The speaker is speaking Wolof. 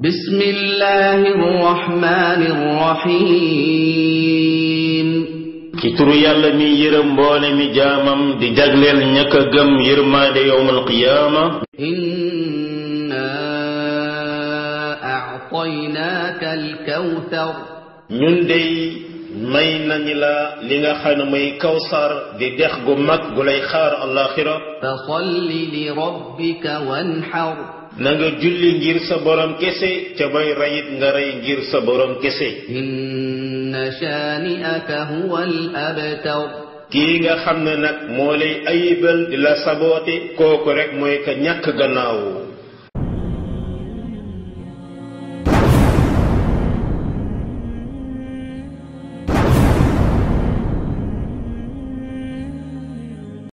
بسم الله الرحمن الرحيم ci turu yàlla mi yërëm mboole mi jaamam di jagleel ñàkk a gëm yërmaande yowmal qiyaama inna a'taynaaka al-kawthar ñun dey may nañu la li nga xam ne mooy kawsar di dex gu mag gu lay xaar àllaaxira fa salli li rabbika wanhar na nga julli ngir sa borom kese ca bay rayit nga rey ngir sa borom kese inna shaani'aka huwal abtar kii nga xam ne nag moo lay ayibal di la saboote kooku rek mooy ka ñàkk gannaawu